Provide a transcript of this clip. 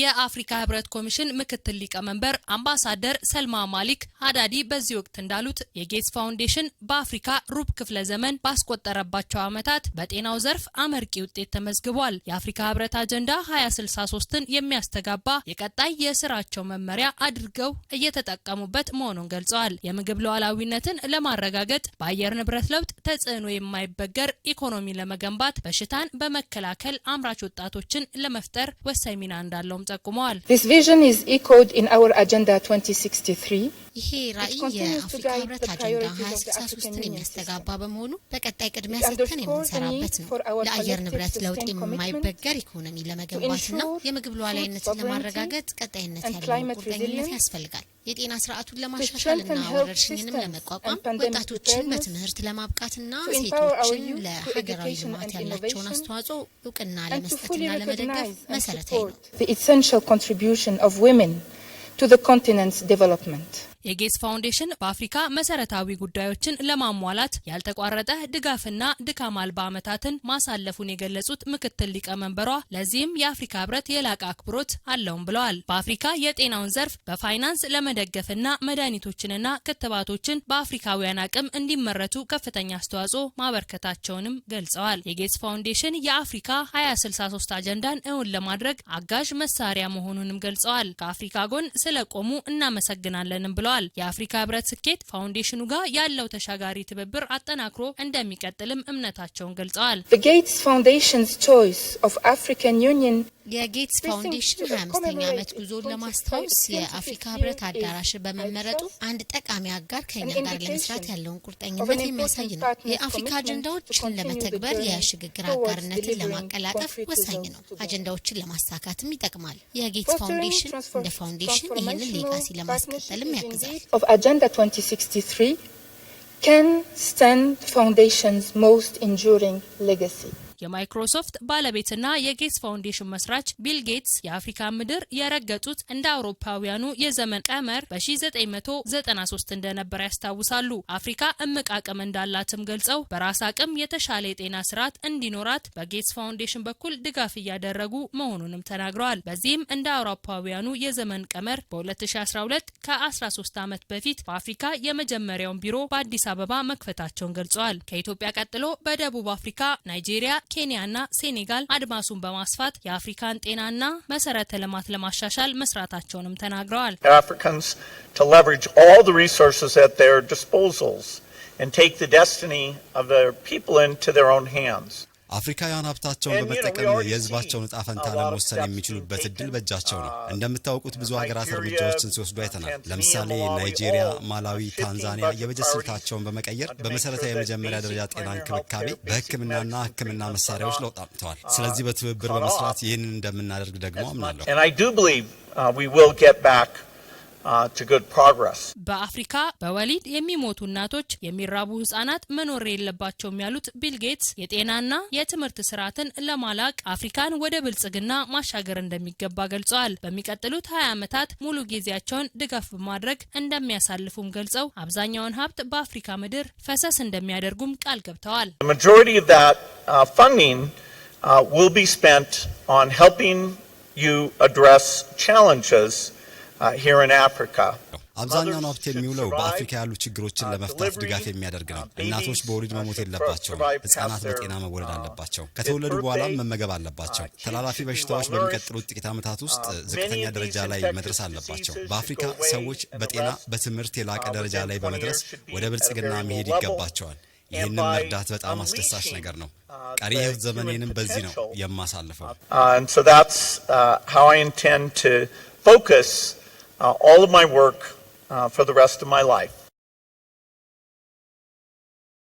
የአፍሪካ ህብረት ኮሚሽን ምክትል ሊቀመንበር አምባሳደር ሰልማ ማሊክ ሀዳዲ በዚህ ወቅት እንዳሉት የጌትስ ፋውንዴሽን በአፍሪካ ሩብ ክፍለ ዘመን ባስቆጠረባቸው ዓመታት በጤናው ዘርፍ አመርቂ ውጤት ተመዝግቧል። የአፍሪካ ህብረት አጀንዳ 2063ን የሚያስተጋባ የቀጣይ የስራቸው መመሪያ አድርገው እየተጠቀሙበት መሆኑን ገልጸዋል። የምግብ ሉዓላዊነትን ለማረጋገጥ በአየር ንብረት ለውጥ ተጽዕኖ የማይበገር ኢኮኖሚ ለመገንባት በሽታን በመከላከል አምራች ወጣቶችን ለመፍጠር ወሳኝ ሚና እንዳለው This vision is echoed in our agenda 2063 ይሄ ራዕይ የአፍሪካ ህብረት አጀንዳ 2063ን የሚያስተጋባ በመሆኑ በቀጣይ ቅድሚያ ሰጥተን የምንሰራበት ነው። ለአየር ንብረት ለውጥ የማይበገር ኢኮኖሚ ለመገንባትና የምግብ ሉዓላዊነትን ለማረጋገጥ ቀጣይነት ያለው ቁርጠኝነት ያስፈልጋል። የጤና ስርዓቱን ለማሻሻልና ወረርሽኝንም ለመቋቋም ወጣቶችን በትምህርት ለማብቃትና ሴቶችን ለሀገራዊ ልማት ያላቸውን አስተዋጽኦ እውቅና ለመስጠትና ለመደገፍ መሰረታዊ ነው። የጌትስ ፋውንዴሽን በአፍሪካ መሰረታዊ ጉዳዮችን ለማሟላት ያልተቋረጠ ድጋፍና ድካም አልባ ዓመታትን ማሳለፉን የገለጹት ምክትል ሊቀመንበሯ ለዚህም የአፍሪካ ህብረት የላቀ አክብሮት አለውም ብለዋል። በአፍሪካ የጤናውን ዘርፍ በፋይናንስ ለመደገፍና መድኃኒቶችንና ክትባቶችን በአፍሪካውያን አቅም እንዲመረቱ ከፍተኛ አስተዋጽኦ ማበርከታቸውንም ገልጸዋል። የጌትስ ፋውንዴሽን የአፍሪካ 2063 አጀንዳን እውን ለማድረግ አጋዥ መሳሪያ መሆኑንም ገልጸዋል። ከአፍሪካ ጎን ስለቆሙ እናመሰግናለንም ብለዋል። ብለዋል። የአፍሪካ ህብረት ስኬት ፋውንዴሽኑ ጋር ያለው ተሻጋሪ ትብብር አጠናክሮ እንደሚቀጥልም እምነታቸውን ገልጸዋል። የጌትስ ፋውንዴሽን ሀያ አምስተኛ ዓመት ጉዞን ለማስታወስ የአፍሪካ ህብረት አዳራሽ በመመረጡ አንድ ጠቃሚ አጋር ከኛ ጋር ለመስራት ያለውን ቁርጠኝነት የሚያሳይ ነው። የአፍሪካ አጀንዳዎችን ለመተግበር የሽግግር አጋርነትን ለማቀላጠፍ ወሳኝ ነው። አጀንዳዎችን ለማሳካትም ይጠቅማል። የጌትስ ፋውንዴሽን እንደ ፋውንዴሽን ይህንን ሌጋሲ ለማስቀጠልም ያግዛል። ን stand foundation's most enduring legacy. የማይክሮሶፍት ባለቤትና የጌትስ ፋውንዴሽን መስራች ቢል ጌትስ የአፍሪካ ምድር የረገጡት እንደ አውሮፓውያኑ የዘመን ቀመር በ1993 እንደነበረ ያስታውሳሉ። አፍሪካ እምቅ አቅም እንዳላትም ገልጸው በራስ አቅም የተሻለ የጤና ስርዓት እንዲኖራት በጌትስ ፋውንዴሽን በኩል ድጋፍ እያደረጉ መሆኑንም ተናግረዋል። በዚህም እንደ አውሮፓውያኑ የዘመን ቀመር በ2012 ከ13 ዓመት በፊት በአፍሪካ የመጀመሪያውን ቢሮ በአዲስ አበባ መክፈታቸውን ገልጸዋል። ከኢትዮጵያ ቀጥሎ በደቡብ አፍሪካ፣ ናይጄሪያ፣ ኬንያና ሴኔጋል አድማሱን በማስፋት የአፍሪካን ጤናና መሰረተ ልማት ለማሻሻል መስራታቸውንም ተናግረዋል። and take the destiny of their people into their own hands. አፍሪካውያን ሀብታቸውን በመጠቀም የህዝባቸውን እጣ ፈንታ ለመወሰን የሚችሉበት እድል በእጃቸው ነው። እንደምታውቁት ብዙ ሀገራት እርምጃዎችን ሲወስዱ uh, አይተናል። ለምሳሌ ናይጄሪያ፣ ማላዊ፣ ታንዛኒያ የበጀት ስልታቸውን በመቀየር በመሰረታዊ የመጀመሪያ ደረጃ ጤና እንክብካቤ በህክምናና ህክምና መሳሪያዎች uh, ለውጥ አምጥተዋል። uh, ስለዚህ በትብብር በመስራት ይህንን እንደምናደርግ ደግሞ አምናለሁ። Uh, በአፍሪካ በወሊድ የሚሞቱ እናቶች፣ የሚራቡ ህጻናት መኖር የለባቸውም ያሉት ቢል ጌትስ የጤናና የትምህርት ስርዓትን ለማላቅ አፍሪካን ወደ ብልጽግና ማሻገር እንደሚገባ ገልጸዋል። በሚቀጥሉት ሀያ ዓመታት ሙሉ ጊዜያቸውን ድጋፍ በማድረግ እንደሚያሳልፉም ገልጸው አብዛኛውን ሀብት በአፍሪካ ምድር ፈሰስ እንደሚያደርጉም ቃል ገብተዋል። ሪቲ Uh, አብዛኛውን ሀብት የሚውለው በአፍሪካ ያሉ ችግሮችን uh, ለመፍታት ድጋፍ የሚያደርግ ነው። እናቶች በወሊድ uh, መሞት የለባቸውም። ህጻናት በጤና መወለድ አለባቸው። ከተወለዱ በኋላም መመገብ አለባቸው። ተላላፊ በሽታዎች በሚቀጥሉት ጥቂት ዓመታት ውስጥ ዝቅተኛ ደረጃ ላይ መድረስ አለባቸው። በአፍሪካ ሰዎች በጤና በትምህርት የላቀ ደረጃ ላይ በመድረስ ወደ ብልጽግና መሄድ ይገባቸዋል። ይህንን መርዳት በጣም አስደሳች ነገር ነው። ቀሪ ህይወት ዘመኔንም በዚህ ነው የማሳልፈው። Uh, all of my work uh, for the rest of my life.